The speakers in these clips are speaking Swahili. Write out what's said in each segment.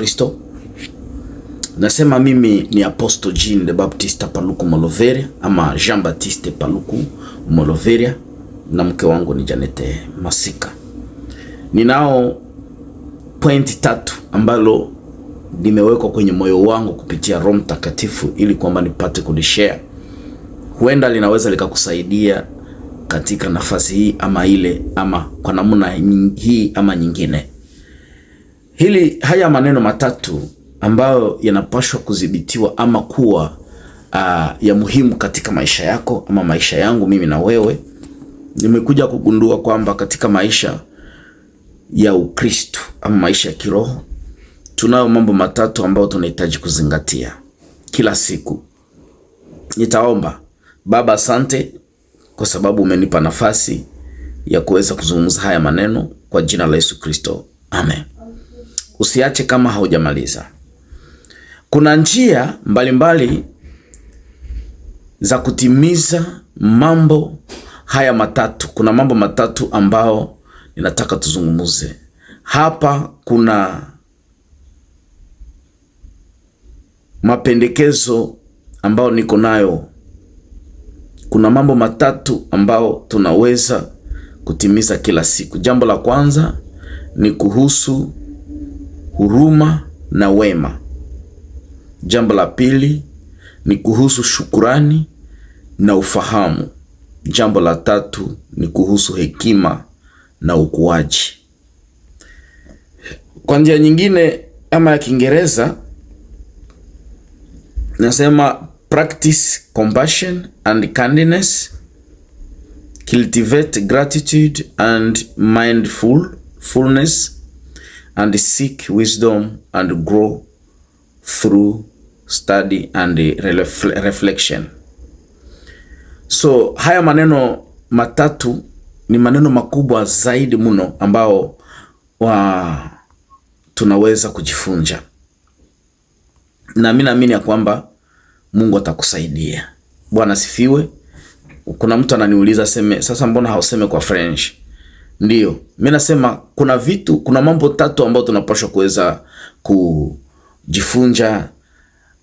Kristo. Nasema mimi ni Apostle Jean de Baptiste Paluku Moloveria ama Jean Baptiste Paluku Moloveria na mke wangu ni Janete Masika. Ninao pointi tatu ambalo limewekwa kwenye moyo wangu kupitia Roho Mtakatifu ili kwamba nipate kulishare. Huenda linaweza likakusaidia katika nafasi hii ama ile ama kwa namna hii ama nyingine. Hili haya maneno matatu ambayo yanapaswa kudhibitiwa ama kuwa uh, ya muhimu katika maisha yako ama maisha yangu mimi na wewe. Nimekuja kugundua kwamba katika maisha ya Ukristo ama maisha ya kiroho tunayo mambo matatu ambayo tunahitaji kuzingatia kila siku. Nitaomba Baba, asante kwa sababu umenipa nafasi ya kuweza kuzungumza haya maneno kwa jina la Yesu Kristo, amen usiache kama haujamaliza. Kuna njia mbalimbali mbali za kutimiza mambo haya matatu. Kuna mambo matatu ambao ninataka tuzungumuze hapa. Kuna mapendekezo ambayo niko nayo. Kuna mambo matatu ambao tunaweza kutimiza kila siku. Jambo la kwanza ni kuhusu huruma na wema. Jambo la pili ni kuhusu shukurani na ufahamu. Jambo la tatu ni kuhusu hekima na ukuaji. Kwa njia nyingine ama ya Kiingereza nasema practice compassion and kindness, cultivate gratitude and mindfulness and seek wisdom and grow through study and reflection. So haya maneno matatu ni maneno makubwa zaidi mno ambao wa tunaweza kujifunza, na mimi naamini ya kwamba Mungu atakusaidia. Bwana sifiwe. Kuna mtu ananiuliza seme, sasa mbona hauseme kwa French? ndio mimi nasema kuna vitu, kuna mambo tatu ambayo tunapaswa kuweza kujifunza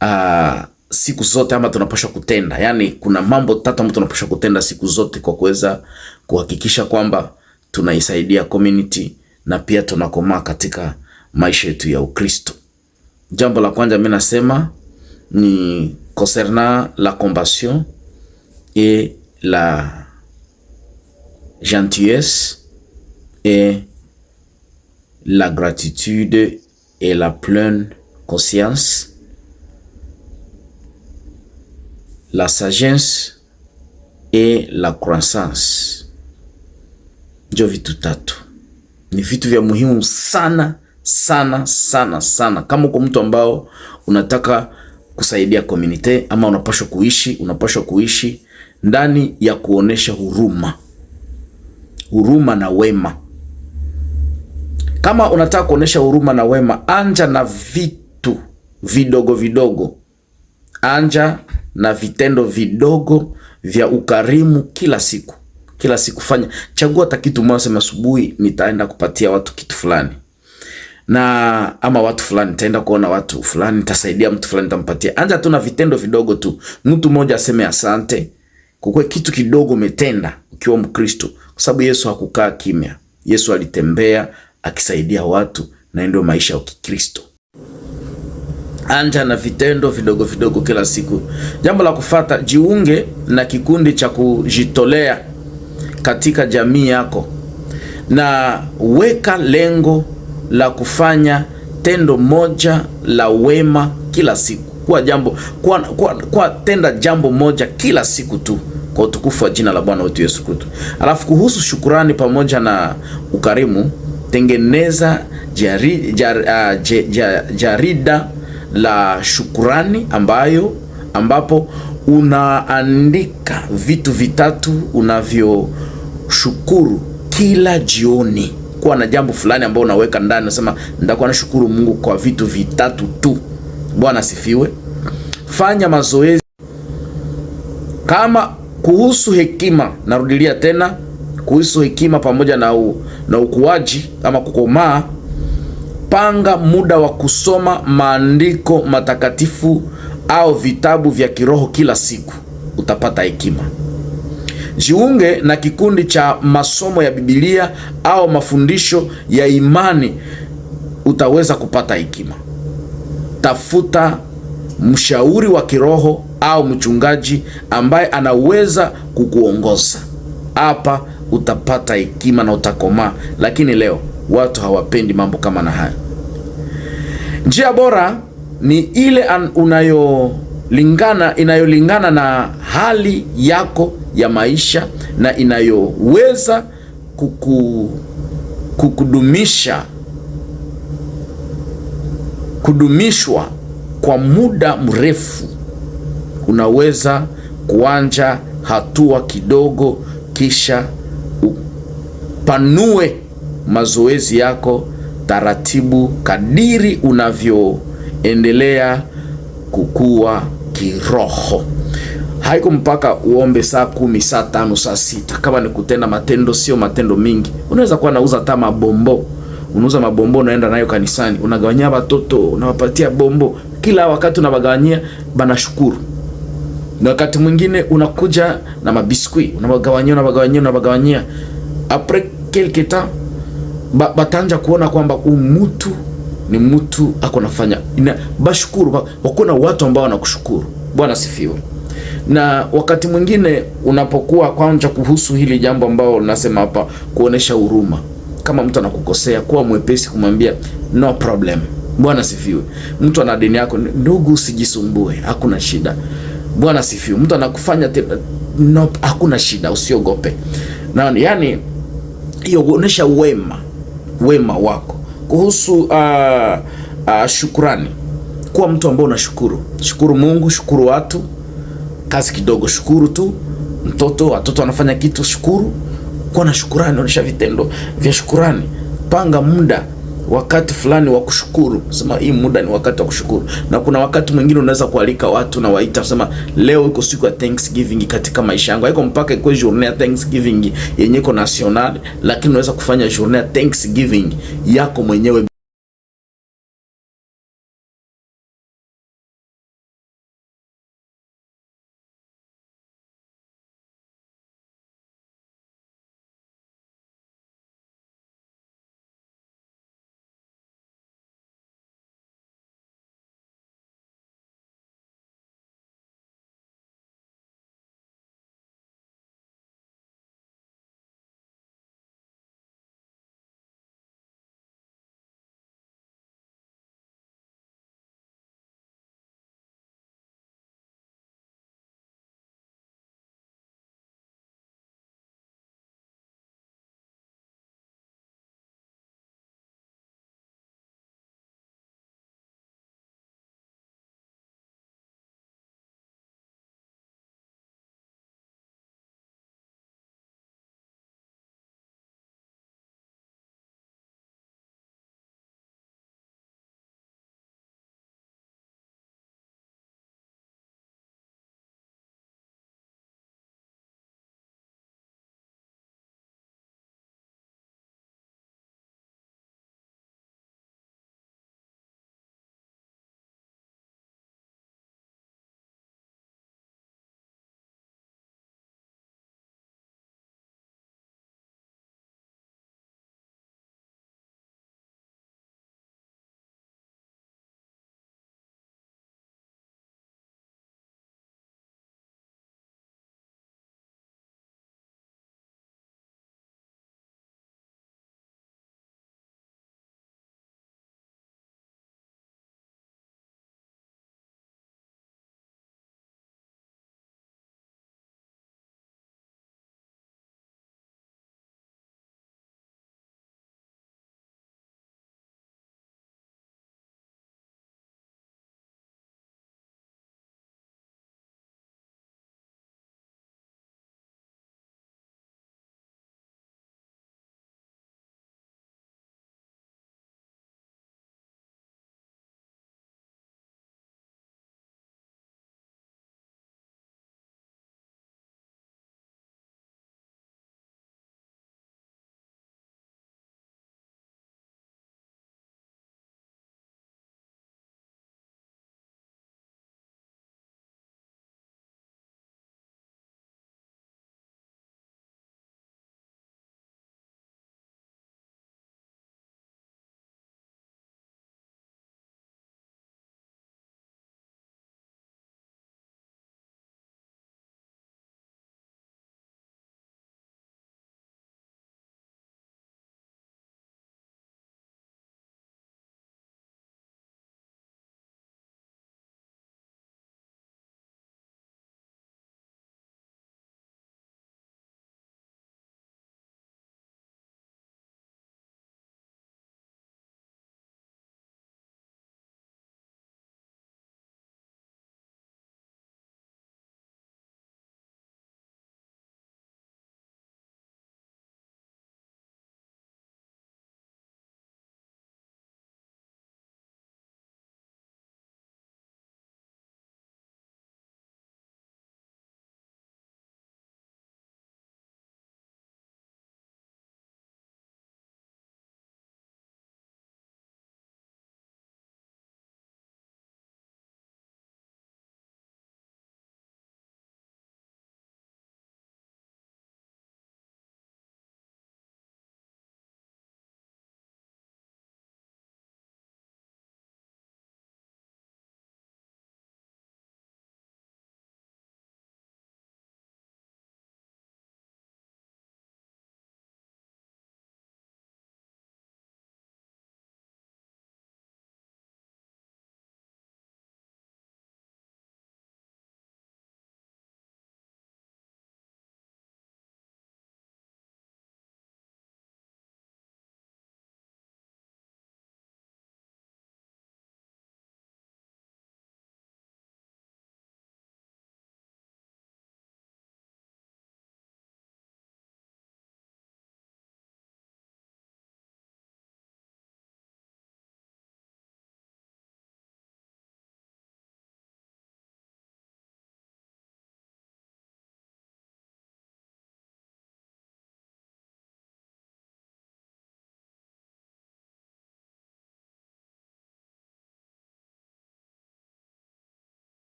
uh, ah, siku zote ama tunapaswa kutenda. Yaani kuna mambo tatu ambayo tunapaswa kutenda siku zote kwa kuweza kuhakikisha kwamba tunaisaidia community na pia tunakomaa katika maisha yetu ya Ukristo. Jambo la kwanza mimi nasema ni concerna la compassion et la gentillesse et la gratitude et la pleine conscience, la sagesse et la croissance. Ndio vitu tatu, ni vitu vya muhimu sana sana sana sana. Kama uko mtu ambao unataka kusaidia community ama unapashwa kuishi, unapashwa kuishi ndani ya kuonesha huruma, huruma na wema. Kama unataka kuonesha huruma na wema, anja na vitu vidogo vidogo, anja na vitendo vidogo vya ukarimu kila siku. Kila siku fanya, chagua hata kitu moja, sema asubuhi nitaenda kupatia watu kitu fulani na ama watu fulani nitaenda kuona watu fulani, nitasaidia mtu fulani, nitampatia. Anja tu na vitendo vidogo tu, mtu mmoja aseme asante kwa kitu kidogo umetenda ukiwa Mkristo, kwa sababu Yesu hakukaa kimya. Yesu alitembea akisaidia watu, na ndio maisha ya Kikristo. Anja na vitendo vidogo vidogo kila siku. Jambo la kufata, jiunge na kikundi cha kujitolea katika jamii yako na weka lengo la kufanya tendo moja la wema kila siku. Kwa jambo kwa, kwa, kwa tenda jambo moja kila siku tu kwa utukufu wa jina la Bwana wetu Yesu Kristo. Alafu kuhusu shukurani pamoja na ukarimu tengeneza jarida, ah, j, j, jarida la shukurani ambayo ambapo unaandika vitu vitatu unavyoshukuru kila jioni. Kuwa na jambo fulani ambao unaweka ndani, unasema nitakuwa nashukuru Mungu kwa vitu vitatu tu. Bwana sifiwe. Fanya mazoezi kama kuhusu hekima, narudilia tena kuhusu hekima pamoja na, u, na ukuaji ama kukomaa. Panga muda wa kusoma maandiko matakatifu au vitabu vya kiroho kila siku, utapata hekima. Jiunge na kikundi cha masomo ya Biblia au mafundisho ya imani, utaweza kupata hekima. Tafuta mshauri wa kiroho au mchungaji ambaye anaweza kukuongoza hapa utapata hekima na utakomaa, lakini leo watu hawapendi mambo kama na haya. Njia bora ni ile unayolingana inayolingana na hali yako ya maisha na inayoweza kuku, kukudumisha kudumishwa kwa muda mrefu. Unaweza kuanja hatua kidogo kisha upanue mazoezi yako taratibu kadiri unavyoendelea kukua kiroho. Haiko mpaka uombe saa kumi, saa tano, saa sita. Kama ni kutenda matendo, sio matendo mingi. Unaweza kuwa nauza hata mabombo, unauza mabombo, unaenda nayo kanisani, unagawanyia watoto, unawapatia bombo, kila wakati unawagawanyia, banashukuru na wakati mwingine unakuja na mabiskwi unabagawanyia, unabagawanyia, unabagawanyia. Apre quelque temps ba, batanja kuona kwamba umutu ni mtu ako nafanya ina bashukuru na watu ambao wanakushukuru. Bwana sifiwe. Na wakati mwingine unapokuwa kwanza kuhusu hili jambo ambao nasema hapa, kuonesha huruma, kama mtu anakukosea, kuwa mwepesi kumwambia no problem. Bwana sifiwe. Mtu ana deni yako, ndugu, usijisumbue, hakuna shida. Bwana sifiu Mtu anakufanya tena, nope, hakuna shida, usiogope. Na yani hiyo kuonesha wema wema wako kuhusu uh, uh, shukurani. Kuwa mtu ambao unashukuru, shukuru Mungu, shukuru watu, kazi kidogo shukuru tu, mtoto watoto wanafanya kitu shukuru. Kuwa na shukurani, onesha vitendo vya shukurani, panga muda wakati fulani wa kushukuru, sema hii muda ni wakati wa kushukuru. Na kuna wakati mwingine unaweza kualika watu na waita, sema leo iko siku ya Thanksgiving katika maisha yangu, haiko mpaka iko journée ya Thanksgiving yenye iko national, lakini unaweza kufanya journée ya Thanksgiving yako mwenyewe.